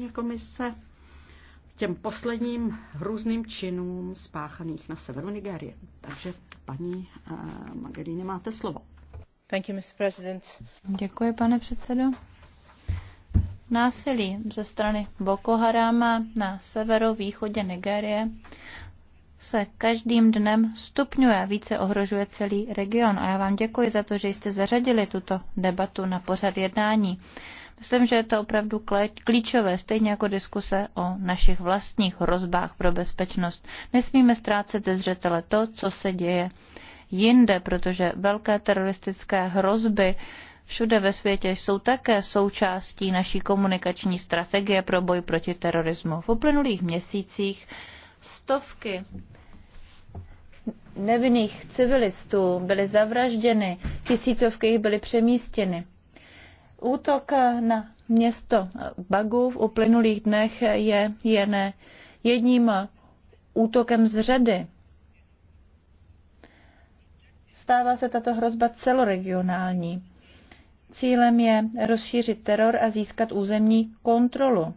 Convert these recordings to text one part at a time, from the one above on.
zástupkyně komise k těm posledním hrůzným činům spáchaných na severu Nigérie. Takže paní uh, máte slovo. Thank you, Mr. President. Děkuji, pane předsedo. Násilí ze strany Boko Harama na severovýchodě Nigérie se každým dnem stupňuje a více ohrožuje celý region. A já vám děkuji za to, že jste zařadili tuto debatu na pořad jednání. Myslím, že je to opravdu klíčové, stejně jako diskuse o našich vlastních hrozbách pro bezpečnost. Nesmíme ztrácet ze zřetele to, co se děje jinde, protože velké teroristické hrozby všude ve světě jsou také součástí naší komunikační strategie pro boj proti terorismu. V uplynulých měsících stovky nevinných civilistů byly zavražděny, tisícovky jich byly přemístěny. Útok na město Bagu v uplynulých dnech je jen jedním útokem z řady. Stává se tato hrozba celoregionální. Cílem je rozšířit teror a získat územní kontrolu.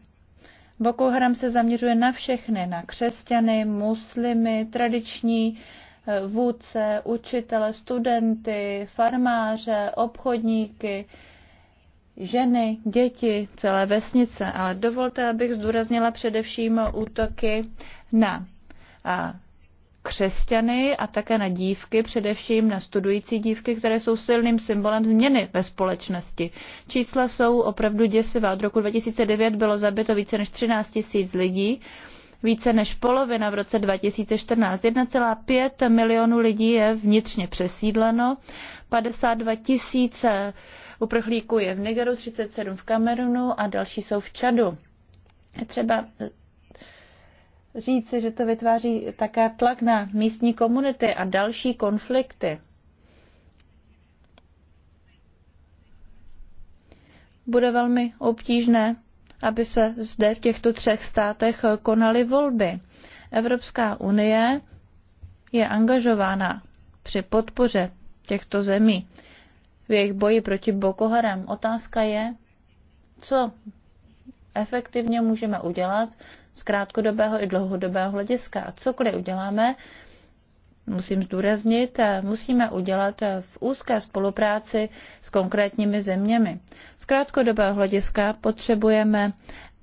Boko Haram se zaměřuje na všechny, na křesťany, muslimy, tradiční eh, vůdce, učitele, studenty, farmáře, obchodníky, ženy, děti, celé vesnice, ale dovolte, abych zdůraznila především útoky na křesťany a také na dívky, především na studující dívky, které jsou silným symbolem změny ve společnosti. Čísla jsou opravdu děsivá. Od roku 2009 bylo zabito více než 13 tisíc lidí, více než polovina v roce 2014. 1,5 milionu lidí je vnitřně přesídleno, 52 tisíce 000 uprchlíků je v Nigeru, 37 v Kamerunu a další jsou v Čadu. Třeba eh, říci, že to vytváří také tlak na místní komunity a další konflikty. Bude velmi obtížné, aby se zde v těchto třech státech eh, konaly volby. Evropská unie je angažována při podpoře těchto zemí v jejich boji proti Boko Haram. Otázka je, co efektivně můžeme udělat z krátkodobého i dlouhodobého hlediska. A cokoliv uděláme, musím zdůraznit, musíme udělat v úzké spolupráci s konkrétními zeměmi. Z krátkodobého hlediska potřebujeme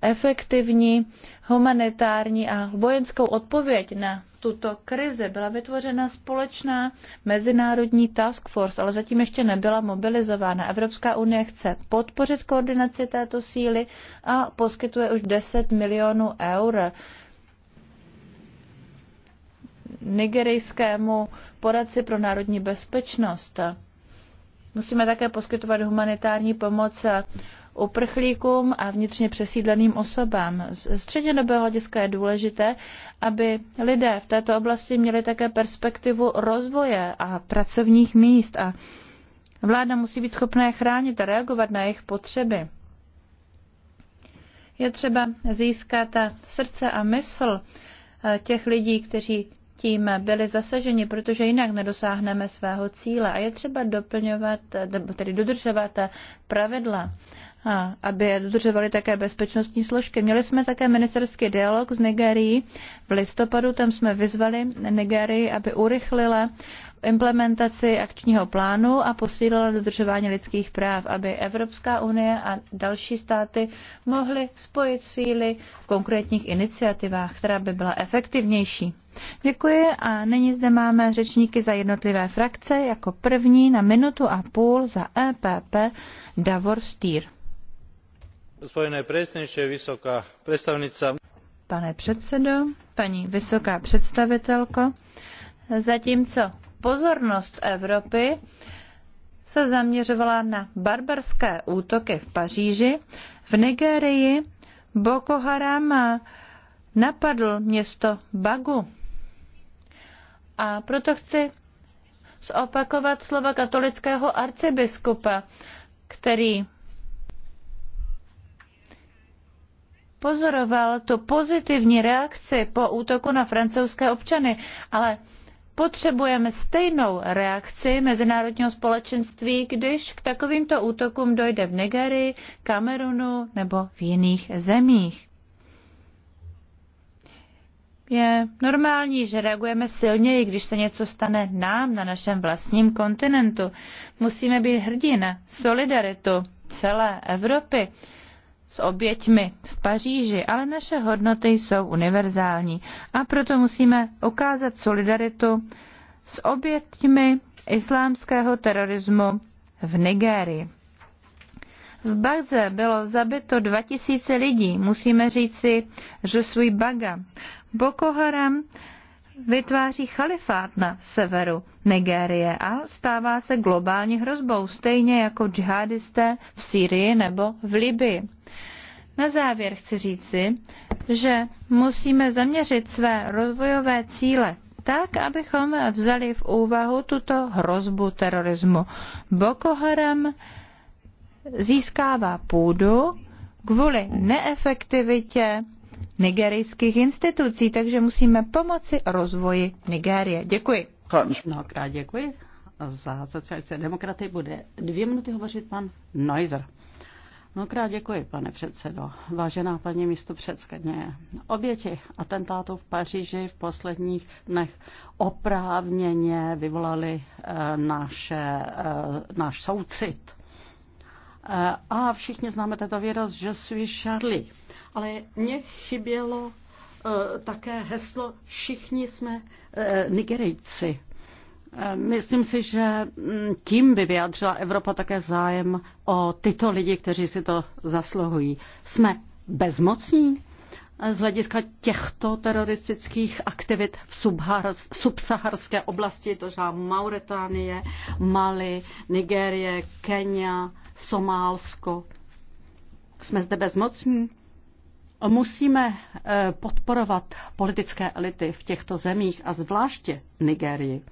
efektivní humanitární a vojenskou odpověď na tuto krizi. Byla vytvořena společná mezinárodní task force, ale zatím ještě nebyla mobilizována. Evropská unie chce podpořit koordinaci této síly a poskytuje už 10 milionů eur nigerijskému poradci pro národní bezpečnost. Musíme také poskytovat humanitární pomoc uprchlíkům a vnitřně přesídleným osobám. Z střednědobého hlediska je důležité, aby lidé v této oblasti měli také perspektivu rozvoje a pracovních míst a vláda musí být schopná chránit a reagovat na jejich potřeby. Je třeba získat srdce a mysl eh, těch lidí, kteří tím byli zasaženi, protože jinak nedosáhneme svého cíle. A je třeba doplňovat, eh, tedy dodržovat eh, pravidla aby je dodržovaly také bezpečnostní složky. Měli jsme také ministerský dialog s Nigerií. V listopadu tam jsme vyzvali Nigerii, aby urychlila implementaci akčního plánu a posílila dodržování lidských práv, aby Evropská unie a další státy mohly spojit síly v konkrétních iniciativách, která by byla efektivnější. Děkuji a nyní zde máme řečníky za jednotlivé frakce, jako první na minutu a půl za EPP Davor Stýr. Pane předsedo, paní vysoká představitelko, zatímco pozornost Evropy se zaměřovala na barbarské útoky v Paříži, v Nigérii Boko Haram napadl město Bagu. A proto chci zopakovat slova katolického arcibiskupa, který pozoroval tu pozitivní reakci po útoku na francouzské občany, ale potřebujeme stejnou reakci mezinárodního společenství, když k takovýmto útokům dojde v Nigerii, Kamerunu nebo v jiných zemích. Je normální, že reagujeme silněji, když se něco stane nám na našem vlastním kontinentu. Musíme být hrdí na solidaritu celé Evropy s oběťmi v Paříži, ale naše hodnoty jsou univerzální a proto musíme ukázat solidaritu s oběťmi islámského terorismu v Nigérii. V Bagze bylo zabito 2000 lidí, musíme říci, že svůj Baga. Boko Haram vytváří chalifát na severu Nigérie a stává se globální hrozbou, stejně jako džihadisté v Sýrii nebo v Libii. Na závěr chci říci, že musíme zaměřit své rozvojové cíle tak, abychom vzali v úvahu tuto hrozbu terorismu. Boko Haram získává půdu kvůli neefektivitě nigerijských institucí, takže musíme pomoci rozvoji Nigérie. Děkuji. Mnohokrát děkuji. Za socialisté demokraty bude dvě minuty hovořit pan Neuser. Mnohokrát děkuji, pane předsedo. Vážená paní místo předsedně oběti atentátu v Paříži v posledních dnech oprávněně vyvolali e, naše, e, náš soucit. E, a všichni známe tento výraz, že suis Charlie ale mně chybělo eh, také heslo Všichni jsme eh, Nigerejci. Eh, myslím si, že mm, tím by vyjádřila Evropa také zájem o tyto lidi, kteří si to zasluhují. Jsme bezmocní z hlediska těchto teroristických aktivit v subsaharské oblasti, to znamená Mauritánie, Mali, Nigérie, Kenia, Somálsko. Jsme zde bezmocní? Musíme eh, podporovat politické elity v těchto zemích a zvláště v Nigerii.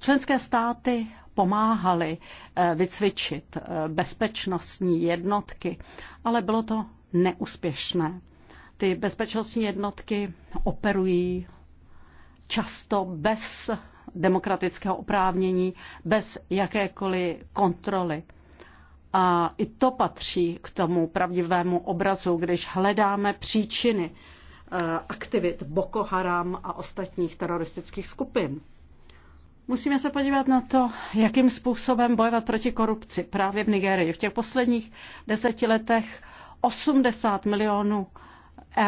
Členské státy pomáhaly eh, vycvičit eh, bezpečnostní jednotky, ale bylo to neúspěšné. Ty bezpečnostní jednotky operují často bez demokratického oprávnění, bez jakékoliv kontroly. A i to patří k tomu pravdivému obrazu, když hledáme příčiny eh, aktivit Boko Haram a ostatních teroristických skupin. Musíme se podívat na to, jakým způsobem bojovat proti korupci právě v Nigerii. V těch posledních deseti letech 80 milionů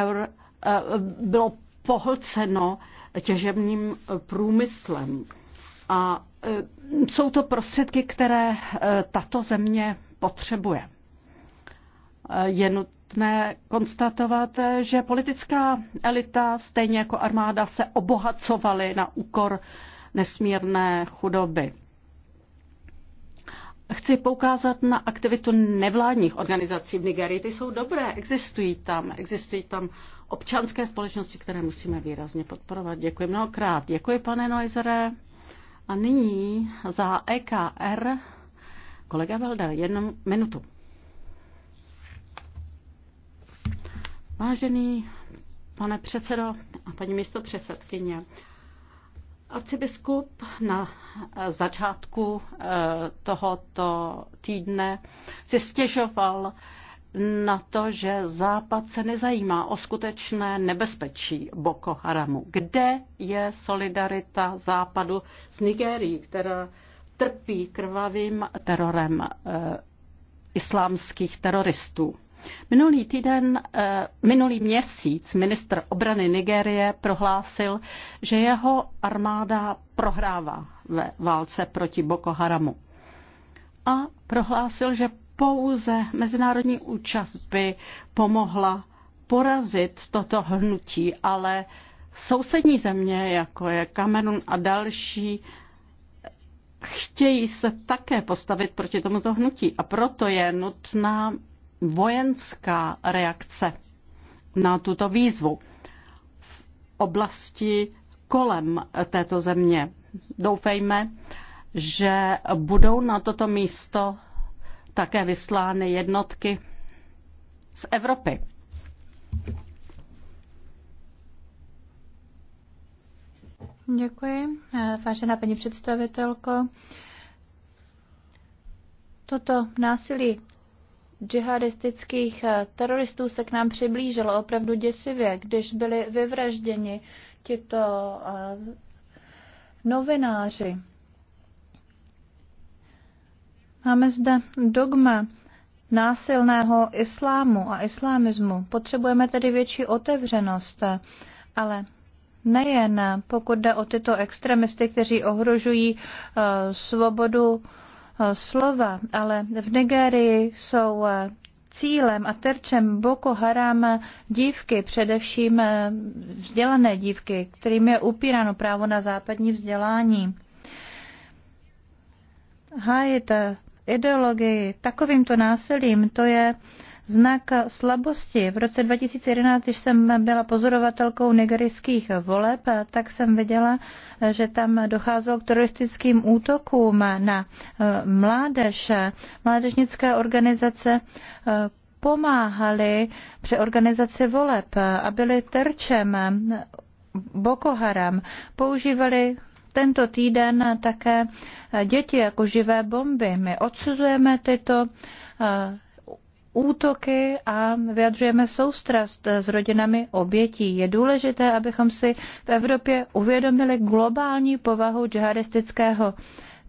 eur eh, bylo pohlceno těžebním průmyslem. A eh, jsou to prostředky, které tato země potřebuje. Je nutné konstatovat, že politická elita, stejně jako armáda, se obohacovaly na úkor nesmírné chudoby. Chci poukázat na aktivitu nevládních organizací v Nigerii. Ty jsou dobré, existují tam, existují tam občanské společnosti, které musíme výrazně podporovat. Děkuji mnohokrát. Děkuji, pane Noizere. A nyní za EKR Kolega Velder, jednu minutu. Vážený pane předsedo a paní místo předsedkyně, Arcibiskup na začátku eh, tohoto týdne si stěžoval na to, že Západ se nezajímá o skutečné nebezpečí Boko Haramu. Kde je solidarita Západu s Nigérií, která trpí krvavým terorem eh, islámských teroristů. Minulý týden, eh, minulý měsíc ministr obrany Nigérie prohlásil, že jeho armáda prohrává ve válce proti Boko Haramu. A prohlásil, že pouze mezinárodní účast by pomohla porazit toto hnutí, ale sousední země, jako je Kamerun a další, chtějí se také postavit proti tomuto hnutí a proto je nutná vojenská reakce na tuto výzvu v oblasti kolem této země. Doufejme, že budou na toto místo také vyslány jednotky z Evropy. Děkuji, eh, vážená paní představitelko. Toto násilí džihadistických eh, teroristů se k nám přiblížilo opravdu děsivě, když byli vyvražděni tito eh, novináři. Máme zde dogma násilného islámu a islámismu. Potřebujeme tedy větší otevřenost, ale nejen pokud jde o tyto extremisty, kteří ohrožují eh, svobodu eh, slova, ale v Nigérii jsou eh, cílem a terčem Boko Haram dívky, především vzdělané dívky, kterým je upíráno právo na západní vzdělání. Hájit ideologii takovýmto násilím, to je uh, znak slabosti. V roce 2011, když jsem byla pozorovatelkou nigerijských voleb, tak jsem viděla, že tam docházelo k teroristickým útokům na eh, mládež. Mládežnické organizace eh, pomáhaly při organizaci voleb a byly terčem Boko Haram. Používali tento týden také děti jako živé bomby. My odsuzujeme tyto eh, útoky a vyjadřujeme soustrast s rodinami obětí. Je důležité, abychom si v Evropě uvědomili globální povahu džihadistického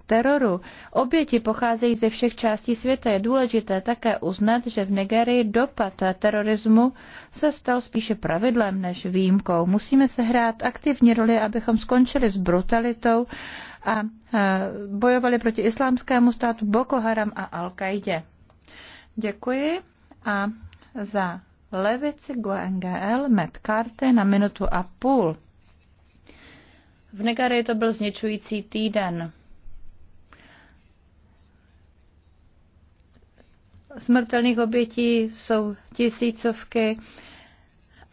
teroru. Oběti pocházejí ze všech částí světa. Je důležité také uznat, že v Nigerii dopad terorismu se stal spíše pravidlem než výjimkou. Musíme se hrát aktivní roli, abychom skončili s brutalitou a bojovali proti islámskému státu Boko Haram a al qaidě Děkuji a za levici GUNGL Matt Carty na minutu a půl. V Negary to byl zničující týden. Smrtelných obětí jsou tisícovky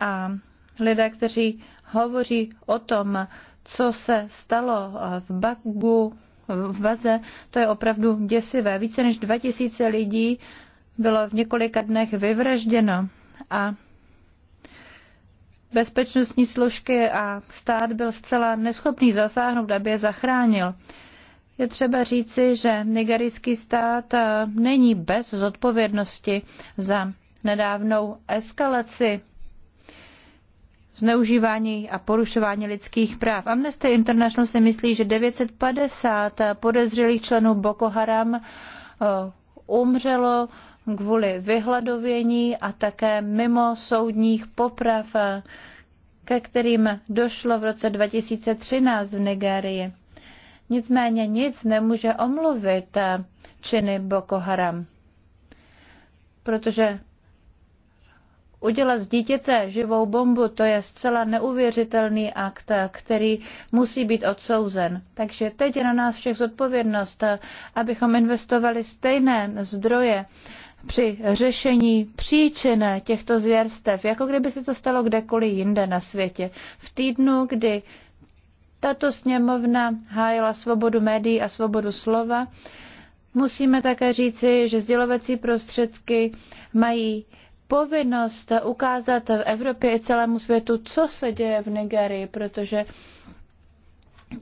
a lidé, kteří hovoří o tom, co se stalo v Bagu, v Vaze, to je opravdu děsivé. Více než 2000 lidí bylo v několika dnech vyvražděno a bezpečnostní složky a stát byl zcela neschopný zasáhnout, aby je zachránil. Je třeba říci, že nigerijský stát eh, není bez zodpovědnosti za nedávnou eskalaci zneužívání a porušování lidských práv. Amnesty International si myslí, že 950 podezřelých členů Boko Haram eh, umřelo kvůli vyhladovění a také mimo soudních poprav, ke kterým došlo v roce 2013 v Nigérii. Nicméně nic nemůže omluvit činy Boko Haram, protože Udělat z dítěte živou bombu, to je zcela neuvěřitelný akt, který musí být odsouzen. Takže teď je na nás všech zodpovědnost, abychom investovali stejné zdroje při řešení příčin těchto zvěrstev, jako kdyby se to stalo kdekoliv jinde na světě. V týdnu, kdy tato sněmovna hájila svobodu médií a svobodu slova, musíme také říci, že sdělovací prostředky mají povinnost ukázat v Evropě i celému světu, co se děje v Nigerii, protože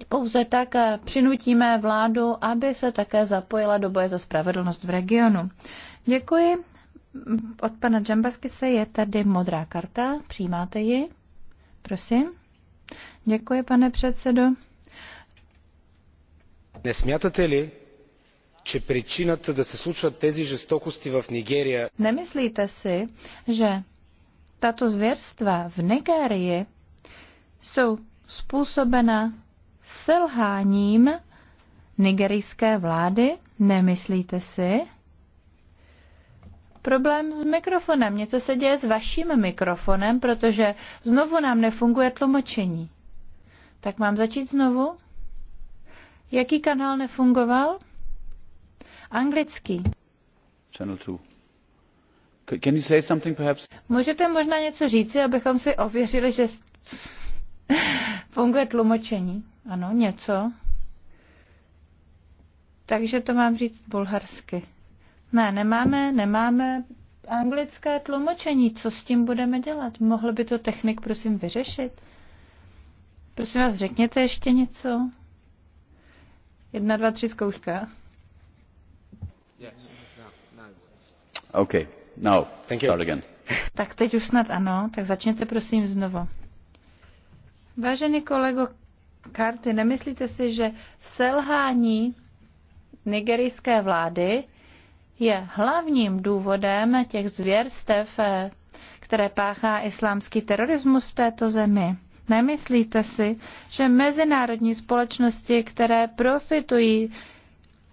pouze tak přinutíme vládu, aby se také zapojila do boje za spravedlnost v regionu. Děkuji. Od pana se je tady modrá karta. Přijímáte ji? Prosím. Děkuji, pane předsedo. Nesmíte li, že příčina da se slučují tezi žestokosti v Nigerii? Nemyslíte si, že tato zvěrstva v Nigérii jsou způsobena selháním nigerijské vlády? Nemyslíte si? problém s mikrofonem. Něco se děje s vaším mikrofonem, protože znovu nám nefunguje tlumočení. Tak mám začít znovu? Jaký kanál nefungoval? Anglický. Channel 2. Can you say something perhaps? Můžete možná něco říci, abychom si ověřili, že funguje tlumočení? Ano, něco. Takže to mám říct bulharsky. Ne, nemáme, nemáme anglické tlumočení. Co s tím budeme dělat? Mohl by to technik, prosím, vyřešit? Prosím vás, řekněte ještě něco. Jedna, dva, tři, zkouška. Yes. No, no. OK, now start again. Tak teď už snad ano, tak začněte prosím znovu. Vážený kolego Karty, nemyslíte si, že selhání nigerijské vlády je hlavním důvodem těch zvěrstev, eh, které páchá islámský terorismus v této zemi. Nemyslíte si, že mezinárodní společnosti, které profitují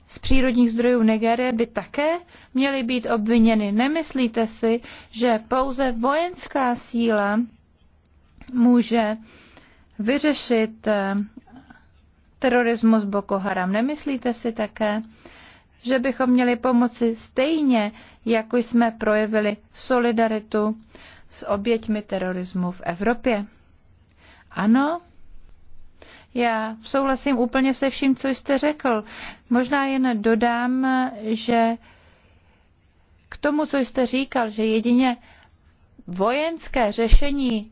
z přírodních zdrojů Nigerie, by také měly být obviněny? Nemyslíte si, že pouze vojenská síla může vyřešit eh, terorismus Boko Haram? Nemyslíte si také, že bychom měli pomoci stejně, jako jsme projevili solidaritu s oběťmi terorismu v Evropě. Ano, já souhlasím úplně se vším, co jste řekl. Možná jen dodám, že k tomu, co jste říkal, že jedině vojenské řešení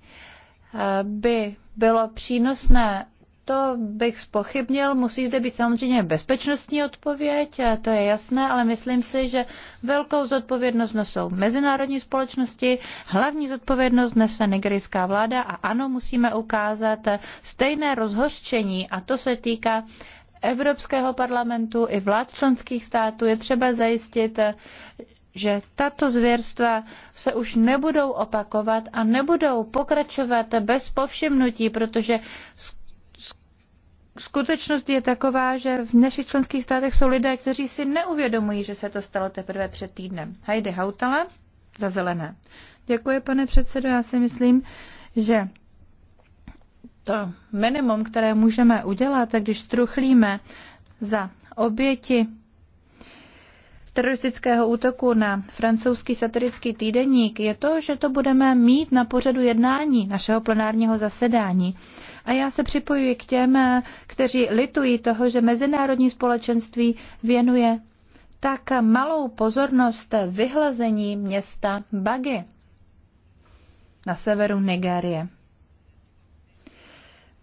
eh, by bylo přínosné to bych spochybnil. Musí zde být samozřejmě bezpečnostní odpověď, to je jasné, ale myslím si, že velkou zodpovědnost nesou mezinárodní společnosti, hlavní zodpovědnost nese nigerijská vláda a ano, musíme ukázat stejné rozhořčení a to se týká Evropského parlamentu i vlád členských států. Je třeba zajistit, že tato zvěrstva se už nebudou opakovat a nebudou pokračovat bez povšimnutí, protože skutečnost je taková, že v našich členských státech jsou lidé, kteří si neuvědomují, že se to stalo teprve před týdnem. Heidi Hautala za zelené. Děkuji, pane předsedo. Já si myslím, že to minimum, které můžeme udělat, když truchlíme za oběti teroristického útoku na francouzský satirický týdeník, je to, že to budeme mít na pořadu jednání našeho plenárního zasedání. A já se připojuji k těm, eh, kteří litují toho, že mezinárodní společenství věnuje tak malou pozornost vyhlazení města Bagy na severu Nigérie.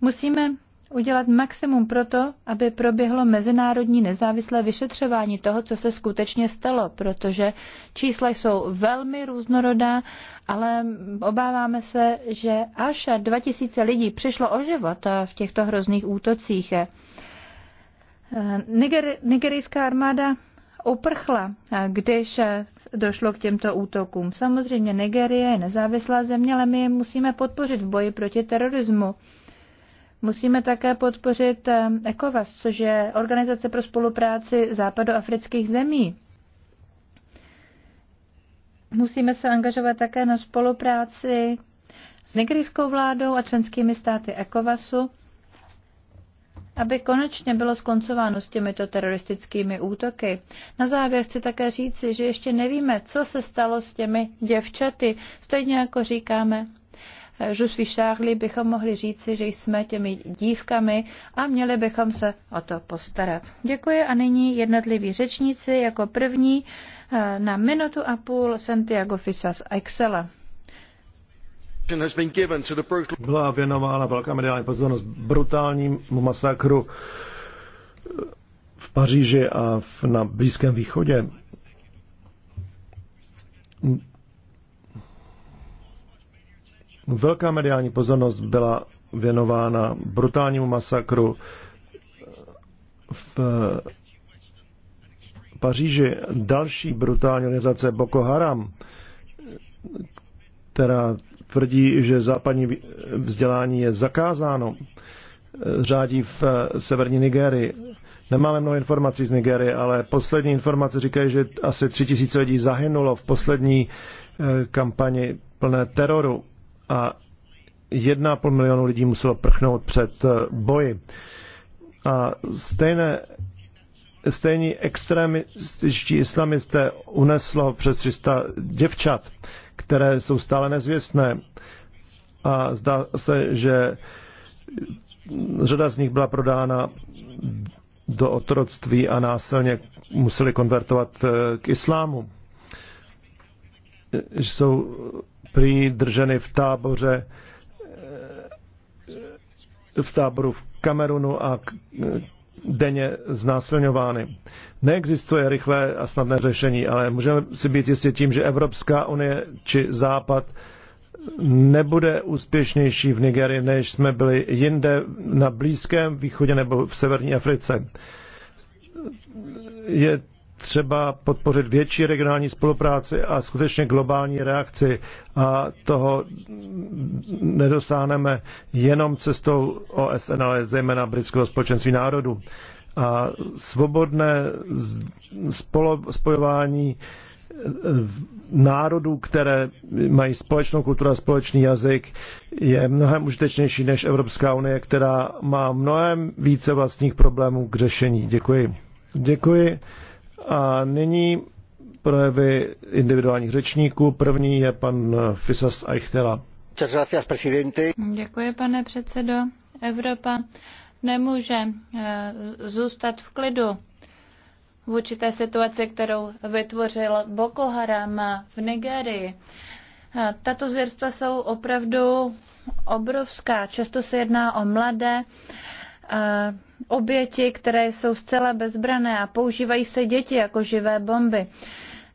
Musíme udělat maximum proto, aby proběhlo mezinárodní nezávislé vyšetřování toho, co se skutečně stalo, protože čísla jsou velmi různorodá, ale obáváme se, že až 2000 lidí přišlo o život v těchto hrozných útocích. Eh, Niger, nigerijská armáda uprchla, eh, když eh, došlo k těmto útokům. Samozřejmě Nigerie je nezávislá země, ale my je musíme podpořit v boji proti terorismu. Musíme také podpořit eh, ECOWAS, což je Organizace pro spolupráci západoafrických zemí. Musíme se angažovat také na spolupráci s nigerijskou vládou a členskými státy ECOWASu, aby konečně bylo skoncováno s těmito teroristickými útoky. Na závěr chci také říci, že ještě nevíme, co se stalo s těmi děvčaty, stejně jako říkáme, Žusví Šárli bychom mohli říci, že jsme těmi dívkami a měli bychom se o to postarat. Děkuji a nyní jednotliví řečníci jako první eh, na minutu a půl Santiago Fisas Excela. Byla věnována velká mediální pozornost brutálnímu masakru v Paříži a v, na Blízkém východě Velká mediální pozornost byla věnována brutálnímu masakru v Paříži. Další brutální organizace Boko Haram, která tvrdí, že západní vzdělání je zakázáno, řádí v severní Nigérii. Nemáme mnoho informací z Nigérie, ale poslední informace říkají, že asi tři tisíce lidí zahynulo v poslední eh, kampani plné teroru a 1,5 milionu lidí muselo prchnout před eh, boji. A stejné, stejní extrémističtí islamisté uneslo přes 300 děvčat, které jsou stále nezvěstné. A zdá se, že řada z nich byla prodána do otroctví a násilně museli konvertovat eh, k islámu. Jsou prý drženy v táboře eh, v táboru v Kamerunu a eh, denně znásilňovány. Neexistuje rychlé a snadné řešení, ale můžeme si být jistě tím, že Evropská unie či Západ nebude úspěšnější v Nigerii, než jsme byli jinde na Blízkém východě nebo v severní Africe. Je třeba podpořit větší regionální spolupráci a skutečně globální reakci. A toho nedosáhneme jenom cestou OSN, ale zejména britského společenství národů. A svobodné spolo, spojování eh, národů, které mají společnou kulturu a společný jazyk, je mnohem užitečnější než Evropská unie, která má mnohem více vlastních problémů k řešení. Děkuji. Děkuji. A nyní projevy individuálních řečníků. První je pan Fisas Eichtela. Děkuji, pane předsedo. Evropa nemůže eh, zůstat v klidu v určité situaci, kterou vytvořil Boko Haram v Nigerii. Eh, tato zvěrstva jsou opravdu obrovská. Často se jedná o mladé eh, oběti, které jsou zcela bezbrané a používají se děti jako živé bomby.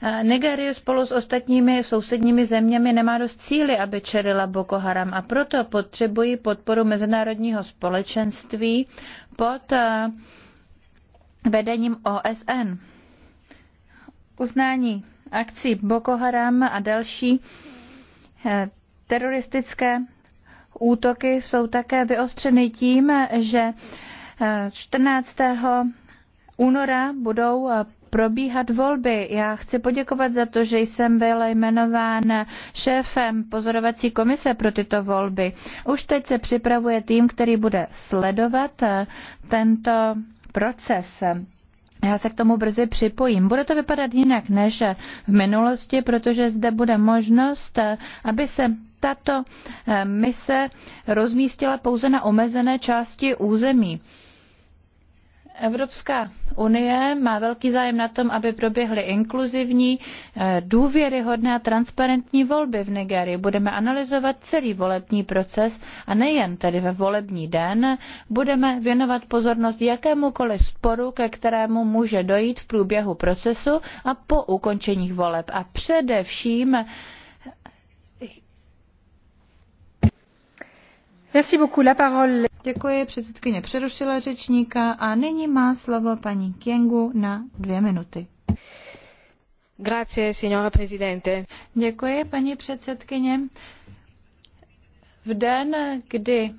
Eh, Nigérie spolu s ostatními sousedními zeměmi nemá dost cíly, aby čelila Boko Haram a proto potřebují podporu mezinárodního společenství pod eh, vedením OSN. Uznání akcí Boko Haram a další eh, teroristické útoky jsou také vyostřeny tím, že 14. února budou eh, probíhat volby. Já chci poděkovat za to, že jsem byl jmenován šéfem pozorovací komise pro tyto volby. Už teď se připravuje tým, který bude sledovat eh, tento proces. Já se k tomu brzy připojím. Bude to vypadat jinak než v minulosti, protože zde bude možnost, eh, aby se tato eh, mise rozmístila pouze na omezené části území. Evropská unie má velký zájem na tom, aby proběhly inkluzivní, eh, důvěryhodné a transparentní volby v Nigerii. Budeme analyzovat celý volební proces a nejen tedy ve volební den, budeme věnovat pozornost jakémukoliv sporu, ke kterému může dojít v průběhu procesu a po ukončení voleb. A především Děkuji, předsedkyně přerušila řečníka a nyní má slovo paní Kiengu na dvě minuty. Grazie, signora presidente. Děkuji, paní předsedkyně. V den, kdy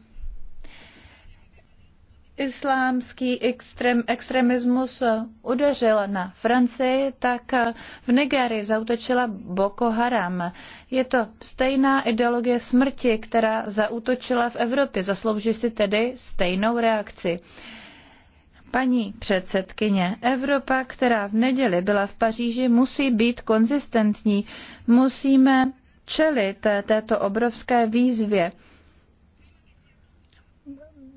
islámský extrem, extremismus udeřil na Francii, tak v Nigerii zautočila Boko Haram. Je to stejná ideologie smrti, která zautočila v Evropě. Zaslouží si tedy stejnou reakci. Paní předsedkyně, Evropa, která v neděli byla v Paříži, musí být konzistentní. Musíme čelit této obrovské výzvě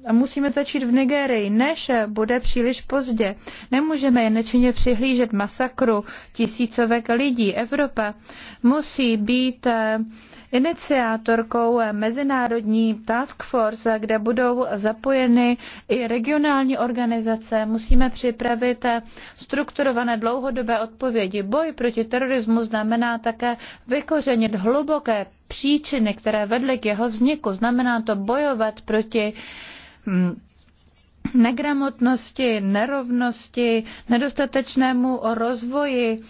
a musíme začít v Nigerii, než bude příliš pozdě. Nemůžeme jen nečině přihlížet masakru tisícovek lidí. Evropa musí být eh, iniciátorkou mezinárodní task force, kde budou zapojeny i regionální organizace. Musíme připravit eh, strukturované dlouhodobé odpovědi. Boj proti terorismu znamená také vykořenit hluboké příčiny, které vedly k jeho vzniku. Znamená to bojovat proti uh, Hmm. negramotnosti, nerovnosti, nedostatečnému rozvoji,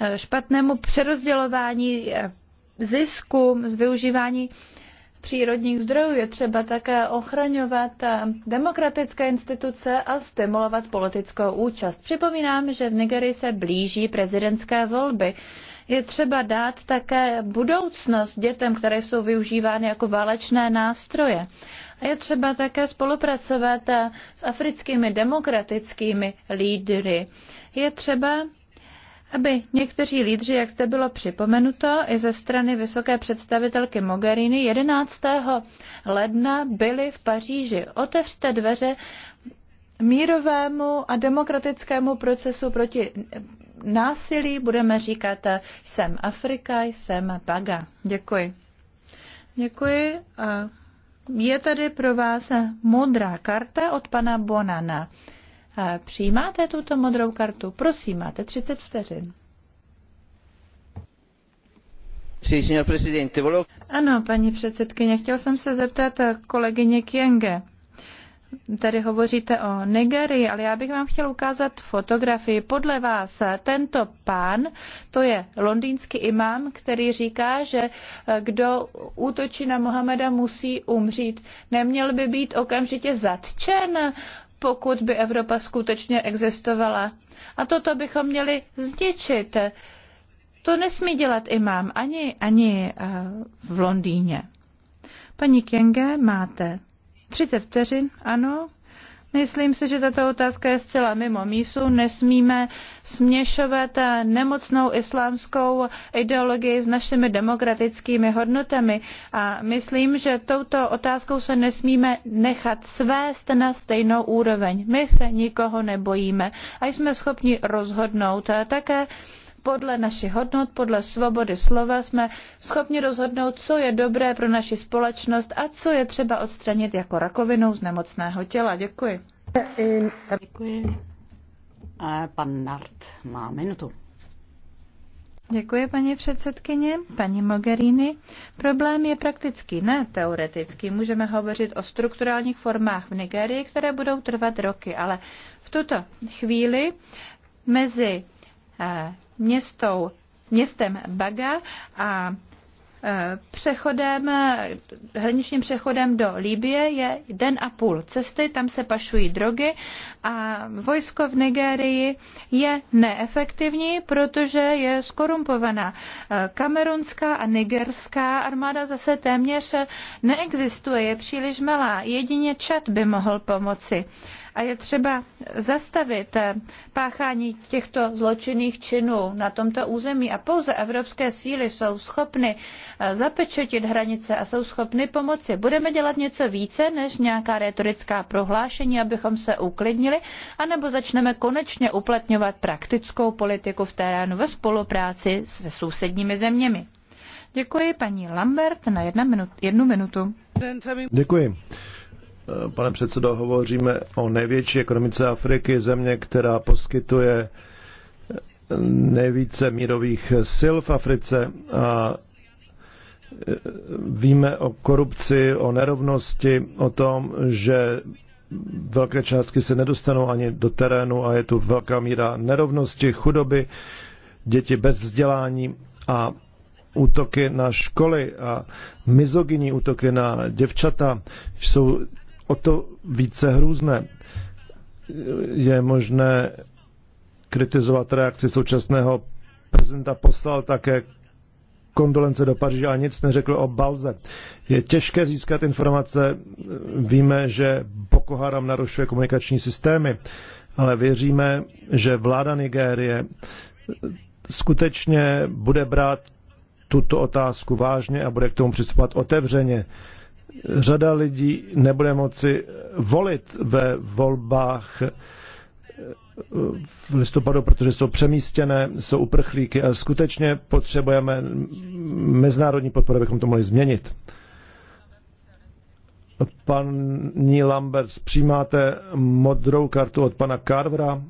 eh, špatnému přerozdělování eh, zisku z využívání přírodních zdrojů. Je třeba také ochraňovat eh, demokratické instituce a stimulovat politickou účast. Připomínám, že v Nigerii se blíží prezidentské volby. Je třeba dát také budoucnost dětem, které jsou využívány jako válečné nástroje. A je třeba také spolupracovat s africkými demokratickými lídry. Je třeba aby někteří lídři, jak zde bylo připomenuto, i ze strany vysoké představitelky Mogherini 11. ledna byli v Paříži. Otevřte dveře mírovému a demokratickému procesu proti násilí. Budeme říkat, jsem Afrika, jsem Baga. Děkuji. Děkuji a je tady pro vás modrá karta od pana Bonana. Přijímáte tuto modrou kartu? Prosím, máte 30 vteřin. Ano, paní předsedkyně, chtěl jsem se zeptat kolegyně Kienge tady hovoříte o Nigerii, ale já bych vám chtěl ukázat fotografii. Podle vás tento pán, to je londýnský imám, který říká, že eh, kdo útočí na Mohameda musí umřít. Neměl by být okamžitě zatčen, pokud by Evropa skutečně existovala. A toto bychom měli zničit. To nesmí dělat imám ani, ani eh, v Londýně. Paní Kenge, máte 30 vteřin, ano. Myslím si, že tato otázka je zcela mimo mísu. Nesmíme směšovat nemocnou islámskou ideologii s našimi demokratickými hodnotami. A myslím, že touto otázkou se nesmíme nechat svést na stejnou úroveň. My se nikoho nebojíme a jsme schopni rozhodnout také podle našich hodnot, podle svobody slova jsme schopni rozhodnout, co je dobré pro naši společnost a co je třeba odstranit jako rakovinu z nemocného těla. Děkuji. Děkuji. Pan Nart má minutu. Děkuji, paní předsedkyně. Paní Mogherini, problém je praktický, ne teoretický. Můžeme hovořit o strukturálních formách v Nigerii, které budou trvat roky, ale v tuto chvíli mezi eh, městou, městem Baga a e, přechodem, hraničním přechodem do Libie je den a půl cesty, tam se pašují drogy a vojsko v Nigérii je neefektivní, protože je skorumpovaná. E, kamerunská a nigerská armáda zase téměř neexistuje, je příliš malá. Jedině Čad by mohl pomoci a je třeba zastavit páchání těchto zločinných činů na tomto území a pouze evropské síly jsou schopny eh, zapečetit hranice a jsou schopny pomoci. Budeme dělat něco více než nějaká retorická prohlášení, abychom se uklidnili, anebo začneme konečně uplatňovat praktickou politiku v terénu ve spolupráci se sousedními zeměmi. Děkuji paní Lambert na jedna minut, jednu minutu. Děkuji. Eh, pane předsedo, hovoříme o největší ekonomice Afriky, země, která poskytuje eh, nejvíce mírových sil v Africe a eh, víme o korupci, o nerovnosti, o tom, že velké částky se nedostanou ani do terénu a je tu velká míra nerovnosti, chudoby, děti bez vzdělání a útoky na školy a mizogyní útoky na děvčata jsou o to více hrůzné. Je možné kritizovat reakci současného prezidenta, poslal také kondolence do Paříže a nic neřekl o Balze. Je těžké získat informace, víme, že Boko Haram narušuje komunikační systémy, ale věříme, že vláda Nigérie skutečně bude brát tuto otázku vážně a bude k tomu přistupovat otevřeně řada lidí nebude moci volit ve volbách eh, v listopadu, protože jsou přemístěné, jsou uprchlíky a skutečně potřebujeme mezinárodní podporu, abychom to mohli změnit. Paní Lambert, přijímáte modrou kartu od pana Carvera?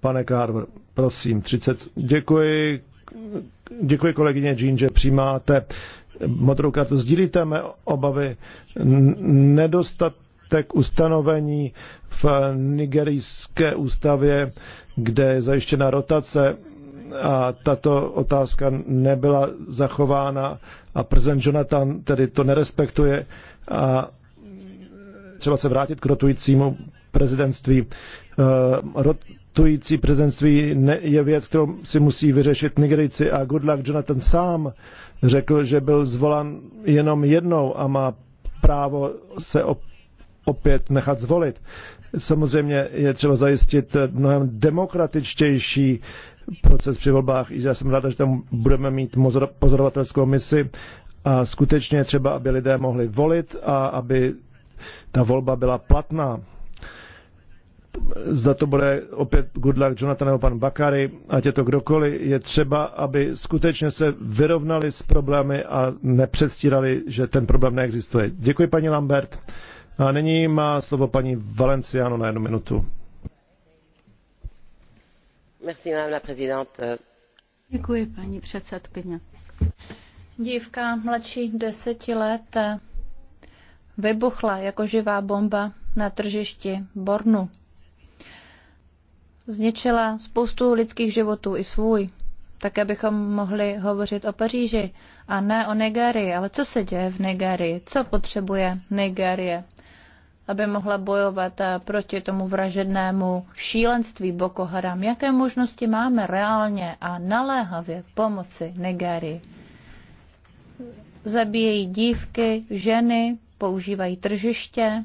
Pane Carver, prosím, 30. Děkuji, děkuji kolegyně Jean, že přijímáte modrou kartu. Sdílíte mé obavy nedostatek ustanovení v nigerijské ústavě, kde je zajištěna rotace a tato otázka nebyla zachována a prezident Jonathan tedy to nerespektuje a třeba se vrátit k rotujícímu prezidentství. Eh, rotující prezenství je věc, kterou si musí vyřešit Nigerici a good luck Jonathan sám řekl, že byl zvolen jenom jednou a má právo se op, opět nechat zvolit. Samozřejmě je třeba zajistit mnohem demokratičtější proces při volbách. Já jsem ráda, že tam budeme mít pozorovatelskou misi a skutečně třeba, aby lidé mohli volit a aby ta volba byla platná zda to bude opět good luck Jonathan nebo pan Bakary, ať je to kdokoliv, je třeba, aby skutečně se vyrovnali s problémy a nepředstírali, že ten problém neexistuje. Děkuji paní Lambert. A nyní má slovo paní Valenciano na jednu minutu. Děkuji, paní předsedkyně. Dívka mladší deseti let vybuchla jako živá bomba na tržišti Bornu zničila spoustu lidských životů i svůj. Také bychom mohli hovořit o Paříži a ne o Nigerii. Ale co se děje v Nigerii? Co potřebuje Nigerie, aby mohla bojovat eh, proti tomu vražednému šílenství Boko Haram? Jaké možnosti máme reálně a naléhavě pomoci Nigerii? Zabíjejí dívky, ženy, používají tržiště,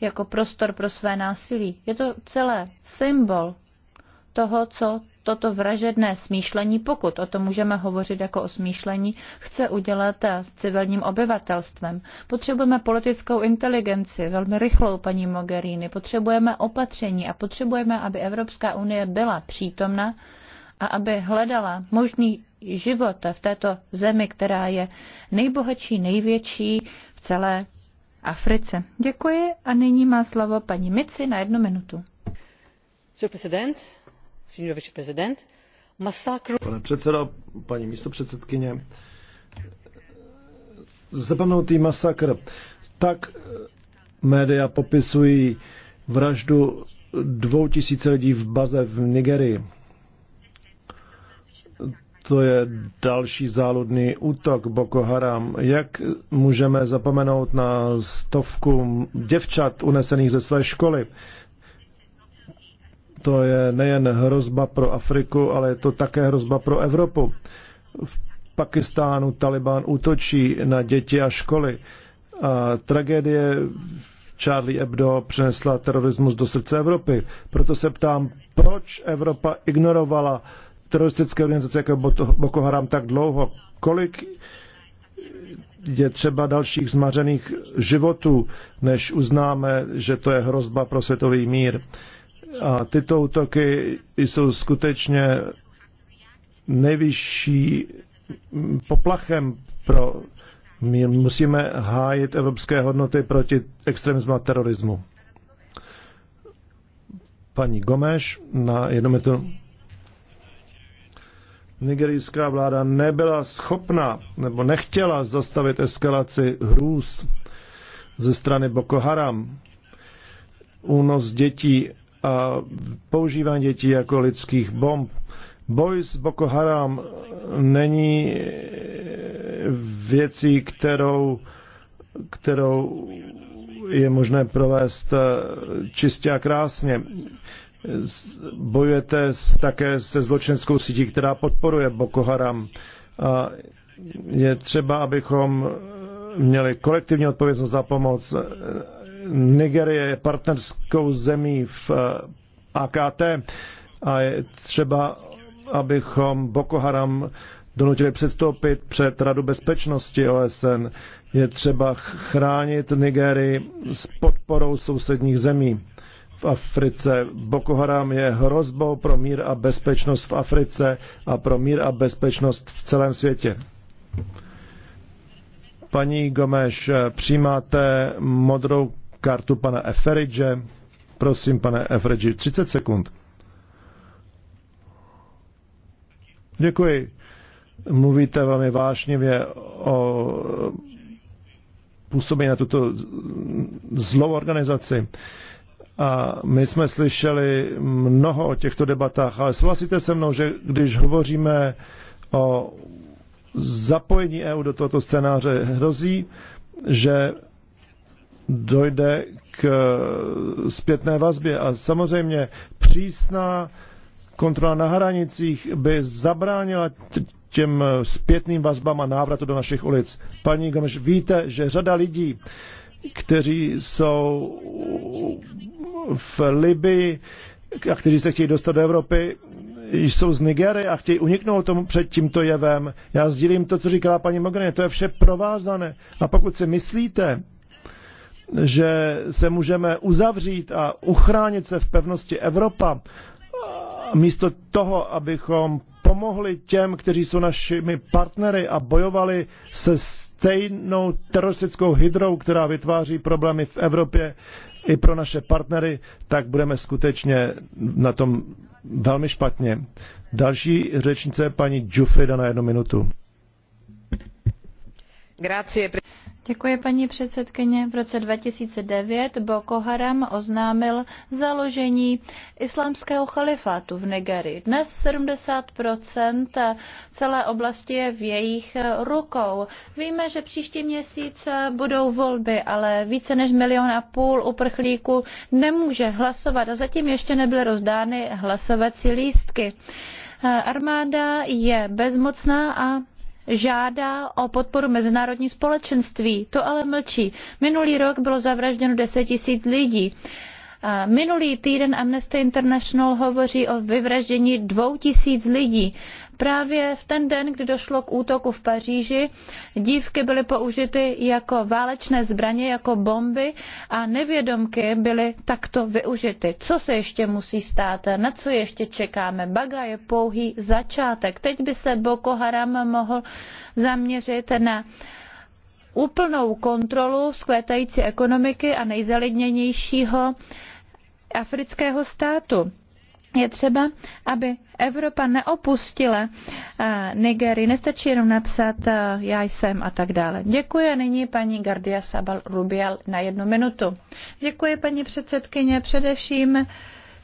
jako prostor pro své násilí. Je to celé symbol toho, co toto vražedné smýšlení, pokud o tom můžeme hovořit jako o smýšlení, chce udělat eh, s civilním obyvatelstvem. Potřebujeme politickou inteligenci, velmi rychlou paní Mogherini, potřebujeme opatření a potřebujeme, aby Evropská unie byla přítomna a aby hledala možný život v této zemi, která je nejbohatší, největší v celé Africe. Děkuji a nyní má slovo paní Mici na jednu minutu. Pane předsedo, paní místopředsedkyně, zapomenutý masakr. Tak eh, média popisují vraždu dvou tisíce lidí v baze v Nigerii to je další záludný útok Boko Haram. Jak můžeme zapomenout na stovku děvčat unesených ze své školy? To je nejen hrozba pro Afriku, ale je to také hrozba pro Evropu. V Pakistánu Taliban útočí na děti a školy. A tragédie Charlie Hebdo přinesla terorismus do srdce Evropy. Proto se ptám, proč Evropa ignorovala teroristické organizace jako Boko Haram tak dlouho, kolik je třeba dalších zmařených životů, než uznáme, že to je hrozba pro světový mír. A tyto útoky jsou skutečně nejvyšší poplachem pro my Musíme hájit evropské hodnoty proti extremismu a terorismu. Paní Gomeš na jednu minutu nigerijská vláda nebyla schopna nebo nechtěla zastavit eskalaci hrůz ze strany Boko Haram, únos dětí a používání dětí jako lidských bomb. Boj s Boko Haram není věcí, kterou, kterou je možné provést čistě a krásně bojujete také se zločenskou sítí, která podporuje Boko Haram. A je třeba, abychom měli kolektivní odpovědnost za pomoc. Nigerie je partnerskou zemí v eh, AKT a je třeba, abychom Boko Haram donutili předstoupit před Radu bezpečnosti OSN. Je třeba chránit Nigerii s podporou sousedních zemí v Africe. Boko Haram je hrozbou pro mír a bezpečnost v Africe a pro mír a bezpečnost v celém světě. Paní Gomeš, přijímáte modrou kartu pana Eferidže? Prosím, pane Eferidži, 30 sekund. Děkuji. Mluvíte velmi vášnivě o působení na tuto zlou organizaci. A my jsme slyšeli mnoho o těchto debatách, ale souhlasíte se mnou, že když hovoříme o zapojení EU do tohoto scénáře, hrozí, že dojde k zpětné vazbě. A samozřejmě přísná kontrola na hranicích by zabránila těm zpětným vazbám a návratu do našich ulic. Paní Gomeš, víte, že řada lidí kteří jsou v Libii a kteří se chtějí dostat do Evropy, jsou z Nigery a chtějí uniknout tomu před tímto jevem. Já sdílím to, co říkala paní Mogherini, to je vše provázané. A pokud si myslíte, že se můžeme uzavřít a uchránit se v pevnosti Evropa, místo toho, abychom pomohli těm, kteří jsou našimi partnery a bojovali se stejnou teroristickou hydrou, která vytváří problémy v Evropě i pro naše partnery, tak budeme skutečně na tom velmi špatně. Další řečnice paní Jufrida na jednu minutu. Grazie. Děkuji, paní předsedkyně. V roce 2009 Boko Haram oznámil založení islámského chalifátu v Nigerii. Dnes 70 celé oblasti je v jejich rukou. Víme, že příští měsíc budou volby, ale více než milion a půl uprchlíků nemůže hlasovat a zatím ještě nebyly rozdány hlasovací lístky. Armáda je bezmocná a žádá o podporu mezinárodní společenství. To ale mlčí. Minulý rok bylo zavražděno 10 tisíc lidí. A minulý týden Amnesty International hovoří o vyvraždění dvou tisíc lidí. Právě v ten den, kdy došlo k útoku v Paříži, dívky byly použity jako válečné zbraně, jako bomby a nevědomky byly takto využity. Co se ještě musí stát? Na co ještě čekáme? Baga je pouhý začátek. Teď by se Boko Haram mohl zaměřit na úplnou kontrolu skvětající ekonomiky a nejzalidněnějšího afrického státu je třeba, aby Evropa neopustila eh, Nigery. Nestačí jenom napsat eh, já jsem a tak dále. Děkuji a nyní paní Gardia Sabal Rubial na jednu minutu. Děkuji paní předsedkyně především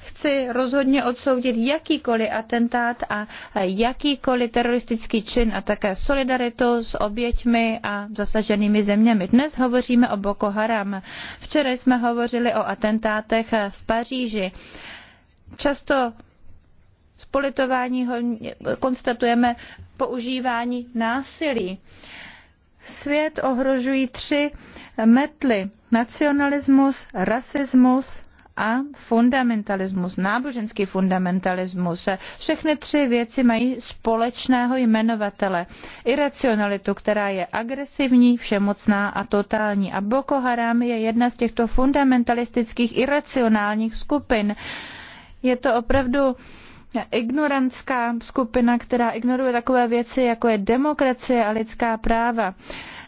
chci rozhodně odsoudit jakýkoliv atentát a jakýkoliv teroristický čin a také solidaritu s oběťmi a zasaženými zeměmi. Dnes hovoříme o Boko Haram. Včera jsme hovořili o atentátech v Paříži často s politováním konstatujeme používání násilí. Svět ohrožují tři metly. Nacionalismus, rasismus a fundamentalismus, náboženský fundamentalismus. Všechny tři věci mají společného jmenovatele. Iracionalitu, která je agresivní, všemocná a totální. A Boko Haram je jedna z těchto fundamentalistických iracionálních skupin. Je to opravdu ignorantská skupina, která ignoruje takové věci, jako je demokracie a lidská práva.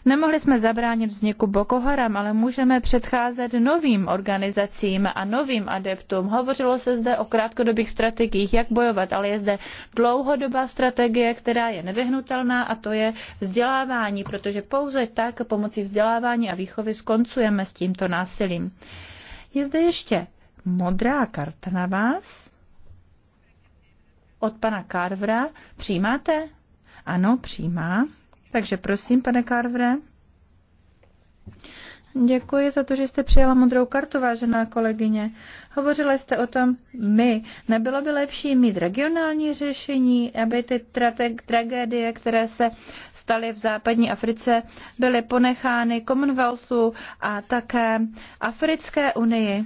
Nemohli jsme zabránit vzniku Boko Haram, ale můžeme předcházet novým organizacím a novým adeptům. Hovořilo se zde o krátkodobých strategiích, jak bojovat, ale je zde dlouhodobá strategie, která je nevyhnutelná a to je vzdělávání, protože pouze tak pomocí vzdělávání a výchovy skoncujeme s tímto násilím. Je zde ještě modrá karta na vás od pana Carvera. Přijímáte? Ano, přijímá. Takže prosím, pane Carvere. Děkuji za to, že jste přijala modrou kartu, vážená kolegyně. Hovořila jste o tom my. Nebylo by lepší mít regionální řešení, aby ty trate- tragédie, které se staly v západní Africe, byly ponechány Commonwealthu a také Africké unii?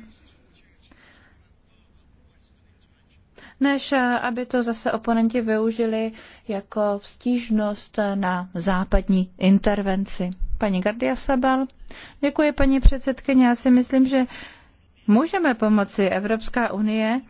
než eh, aby to zase oponenti využili jako vstížnost eh, na západní intervenci. Paní Gardia Sabal. Děkuji, paní předsedkyně. Já si myslím, že můžeme pomoci. Evropská unie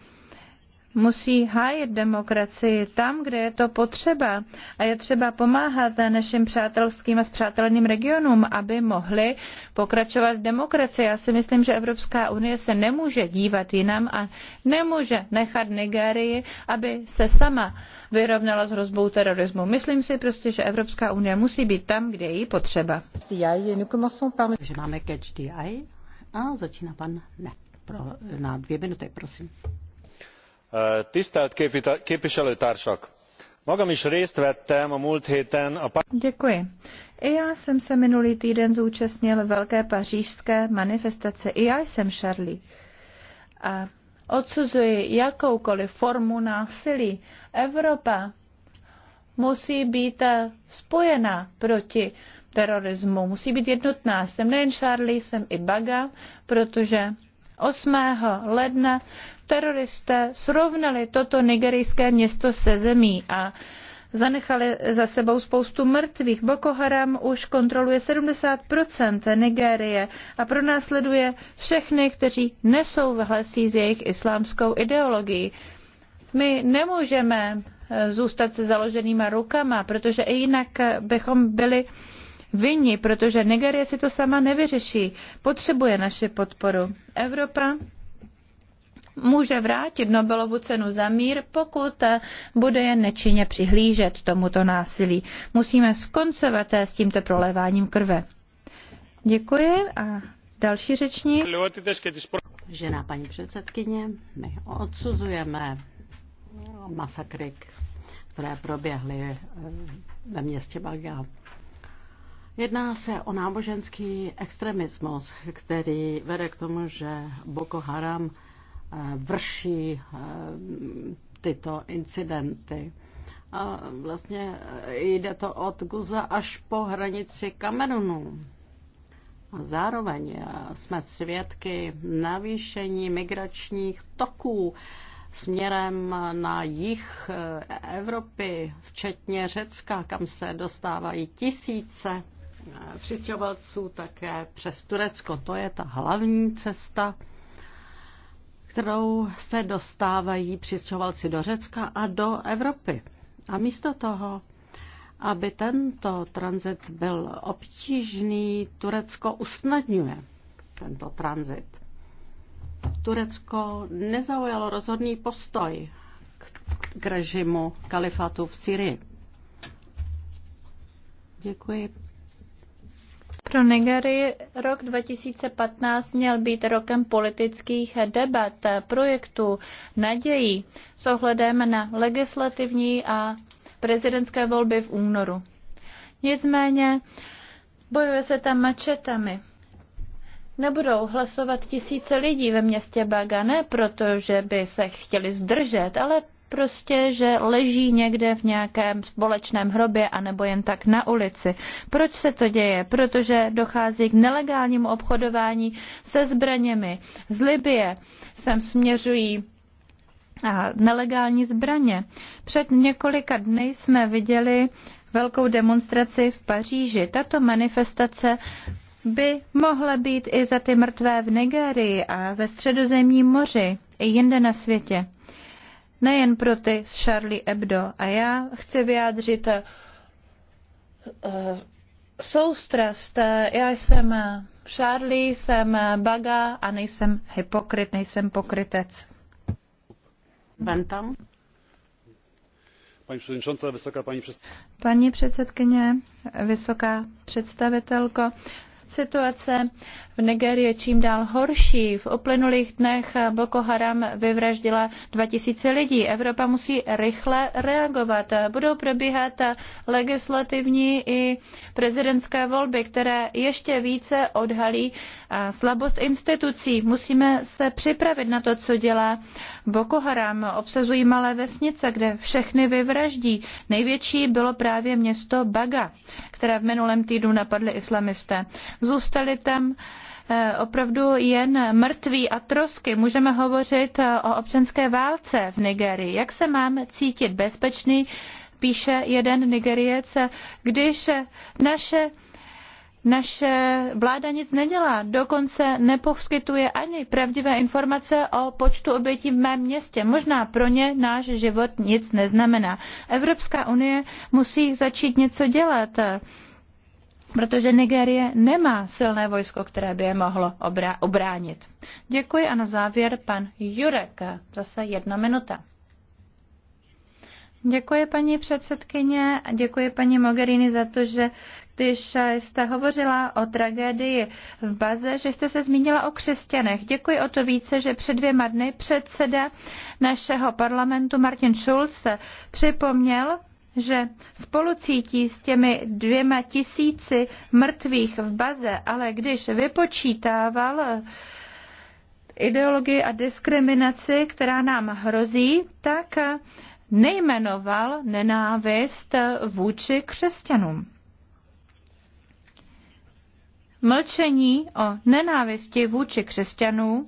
musí hájit demokracii tam, kde je to potřeba. A je třeba pomáhat našim přátelským a spřáteleným regionům, aby mohli pokračovat v demokracii. Já si myslím, že Evropská unie se nemůže dívat jinam a nemůže nechat Nigérii, aby se sama vyrovnala s hrozbou terorismu. Myslím si prostě, že Evropská unie musí být tam, kde je jí potřeba. Takže máme catch eye. a začíná pan ne. Pro, na dvě minuty, prosím. Eh, tisztelt képviselőtársak! magam is részt vettem a múlt héten a. Děkuji. I já jsem se minulý týden zúčastnil velké pařížské manifestace. I já jsem Charlie. A odsuzuji jakoukoliv formu násilí. Evropa musí být spojena proti terorismu. Musí být jednotná. Jsem nejen Charlie, jsem i Baga, protože 8. ledna teroristé srovnali toto nigerijské město se zemí a zanechali za sebou spoustu mrtvých. Boko Haram už kontroluje 70 Nigérie a pronásleduje všechny, kteří nesouhlasí s jejich islámskou ideologií. My nemůžeme eh, zůstat se založenýma rukama, protože i jinak bychom byli vinni, protože Nigerie si to sama nevyřeší. Potřebuje naši podporu. Evropa může vrátit Nobelovu cenu za mír, pokud bude jen nečinně přihlížet tomuto násilí. Musíme skoncovat s tímto proléváním krve. Děkuji a další řečník. Žena paní předsedkyně, my odsuzujeme masakry, které proběhly eh, ve městě Baga. Jedná se o náboženský extremismus, který vede k tomu, že Boko Haram Eh, vrší eh, tyto incidenty. A vlastně eh, jde to od Guza až po hranici Kamerunu. A zároveň jsme svědky navýšení migračních toků směrem na jih Evropy, včetně Řecka, kam se dostávají tisíce přistěhovalců také přes Turecko. To je ta hlavní cesta kterou se dostávají přistěhovalci do Řecka a do Evropy. A místo toho, aby tento tranzit byl obtížný, Turecko usnadňuje tento tranzit. Turecko nezaujalo rozhodný postoj k režimu kalifatu v Syrii. Děkuji, pro Nigerii rok 2015 měl být rokem politických debat, projektů, nadějí s ohledem na legislativní a prezidentské volby v únoru. Nicméně bojuje se tam mačetami. Nebudou hlasovat tisíce lidí ve městě Baga, ne by se chtěli zdržet, ale prostě, že leží někde v nějakém společném hrobě anebo jen tak na ulici. Proč se to děje? Protože dochází k nelegálnímu obchodování se zbraněmi. Z Libie sem směřují a nelegální zbraně. Před několika dny jsme viděli velkou demonstraci v Paříži. Tato manifestace by mohla být i za ty mrtvé v Nigérii a ve středozemním moři, i jinde na světě nejen pro ty z Charlie Hebdo. A já chci vyjádřit eh, soustrast. Já jsem Charlie, jsem baga a nejsem hypokrit, nejsem pokrytec. Bentham. Paní předsedkyně, vysoká paní předsedkyně, vysoká představitelko, Situace v Nigerii je čím dál horší. V uplynulých dnech Boko Haram vyvraždila 2000 lidí. Evropa musí rychle reagovat. Budou probíhat legislativní i prezidentské volby, které ještě více odhalí slabost institucí. Musíme se připravit na to, co dělá Boko Haram obsazují malé vesnice, kde všechny vyvraždí. Největší bylo právě město Baga, které v minulém týdnu napadly islamisté. Zůstali tam eh, opravdu jen mrtví a trosky. Můžeme hovořit eh, o občanské válce v Nigerii. Jak se mám cítit bezpečný, píše jeden Nigeriec, eh, když naše naše vláda nic nedělá, dokonce neposkytuje ani pravdivé informace o počtu obětí v mém městě. Možná pro ně náš život nic neznamená. Evropská unie musí začít něco dělat, protože Nigérie nemá silné vojsko, které by je mohlo obránit. Děkuji a na závěr pan Jurek. Zase jedna minuta. Děkuji paní předsedkyně a děkuji paní Mogherini za to, že když jste hovořila o tragédii v Baze, že jste se zmínila o křesťanech. Děkuji o to více, že před dvěma dny předseda našeho parlamentu Martin Schulz připomněl, že spolucítí s těmi dvěma tisíci mrtvých v Baze, ale když vypočítával ideologii a diskriminaci, která nám hrozí, tak nejmenoval nenávist vůči křesťanům. Mlčení o nenávisti vůči křesťanů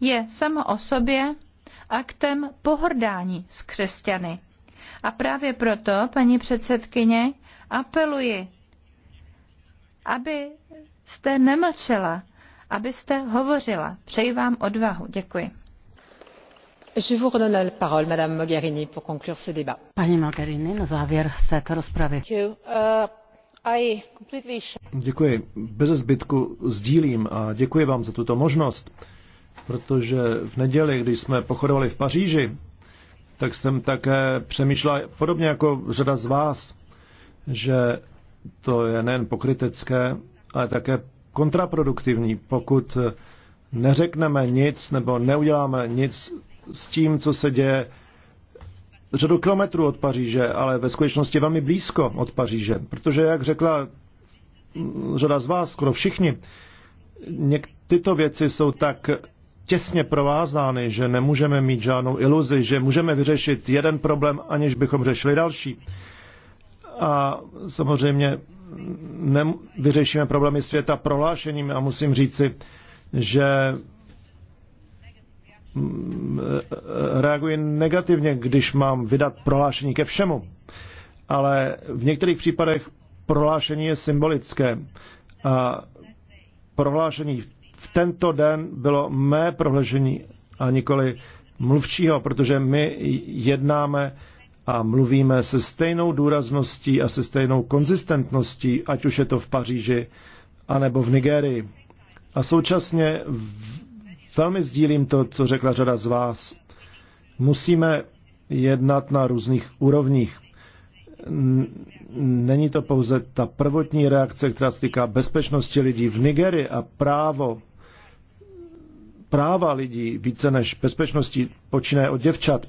je samo o sobě aktem pohrdání s křesťany. A právě proto, paní předsedkyně, apeluji, aby nemlčela, abyste hovořila. Přeji vám odvahu. Děkuji. Je vous redonne la parole, Madame Mogherini, pour conclure ce débat. Paní Mogherini, na závěr této rozpravy. Uh... Děkuji. Bez zbytku sdílím a děkuji vám za tuto možnost, protože v neděli, když jsme pochodovali v Paříži, tak jsem také přemýšlela, podobně jako řada z vás, že to je nejen pokrytecké, ale také kontraproduktivní, pokud neřekneme nic nebo neuděláme nic s tím, co se děje řadu kilometrů od Paříže, ale ve skutečnosti velmi blízko od Paříže, protože, jak řekla řada z vás, skoro všichni, něk- tyto věci jsou tak těsně provázány, že nemůžeme mít žádnou iluzi, že můžeme vyřešit jeden problém, aniž bychom řešili další. A samozřejmě vyřešíme problémy světa prohlášením a musím říci, že Eh, reaguji negativně, když mám vydat prohlášení ke všemu. Ale v některých případech prohlášení je symbolické. A prohlášení v tento den bylo mé prohlášení a nikoli mluvčího, protože my jednáme a mluvíme se stejnou důrazností a se stejnou konzistentností, ať už je to v Paříži anebo v Nigérii. A současně Velmi sdílím to, co řekla řada z vás. Musíme jednat na různých úrovních. Není to pouze ta prvotní reakce, která se týká bezpečnosti lidí v Nigerii a právo práva lidí více než bezpečnosti počínaje od děvčat,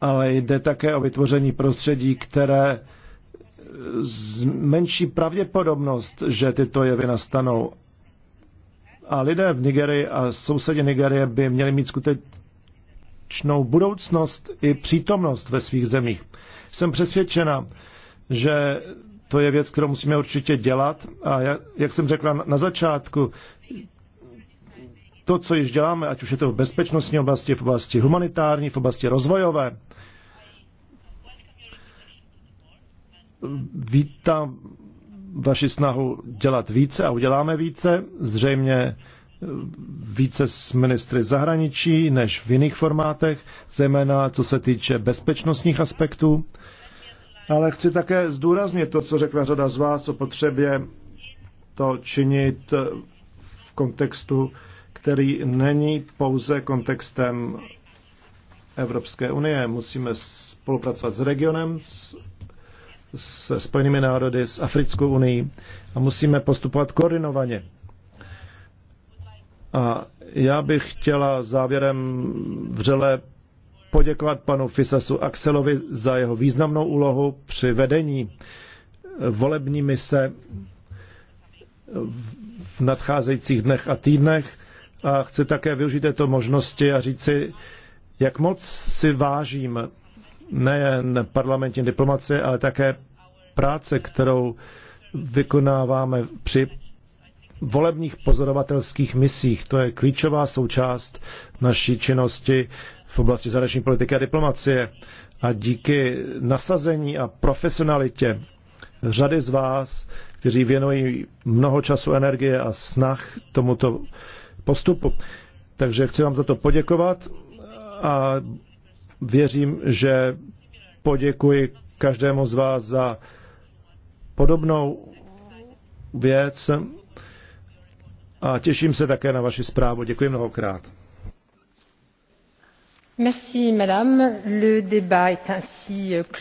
ale jde také o vytvoření prostředí, které zmenší pravděpodobnost, že tyto jevy nastanou a lidé v Nigerii a sousedě Nigerie by měli mít skutečnou budoucnost i přítomnost ve svých zemích. Jsem přesvědčena, že to je věc, kterou musíme určitě dělat. A jak, jak jsem řekla na začátku, to, co již děláme, ať už je to v bezpečnostní oblasti, v oblasti humanitární, v oblasti rozvojové, vítám vaši snahu dělat více a uděláme více. Zřejmě více s ministry zahraničí než v jiných formátech, zejména co se týče bezpečnostních aspektů. Ale chci také zdůraznit to, co řekla řada z vás o potřebě to činit v kontextu, který není pouze kontextem Evropské unie. Musíme spolupracovat s regionem, s se Spojenými národy, s Africkou unii a musíme postupovat koordinovaně. A já bych chtěla závěrem vřele poděkovat panu Fisasu Axelovi za jeho významnou úlohu při vedení eh, volební mise v nadcházejících dnech a týdnech a chci také využít této možnosti a říci, jak moc si vážím nejen parlamentní diplomacie, ale také práce, kterou vykonáváme při volebních pozorovatelských misích. To je klíčová součást naší činnosti v oblasti zahraniční politiky a diplomacie. A díky nasazení a profesionalitě řady z vás, kteří věnují mnoho času, energie a snah tomuto postupu. Takže chci vám za to poděkovat a Věřím, že poděkuji každému z vás za podobnou věc a těším se také na vaši zprávu. Děkuji mnohokrát. Merci, madame. Le débat est ainsi clos.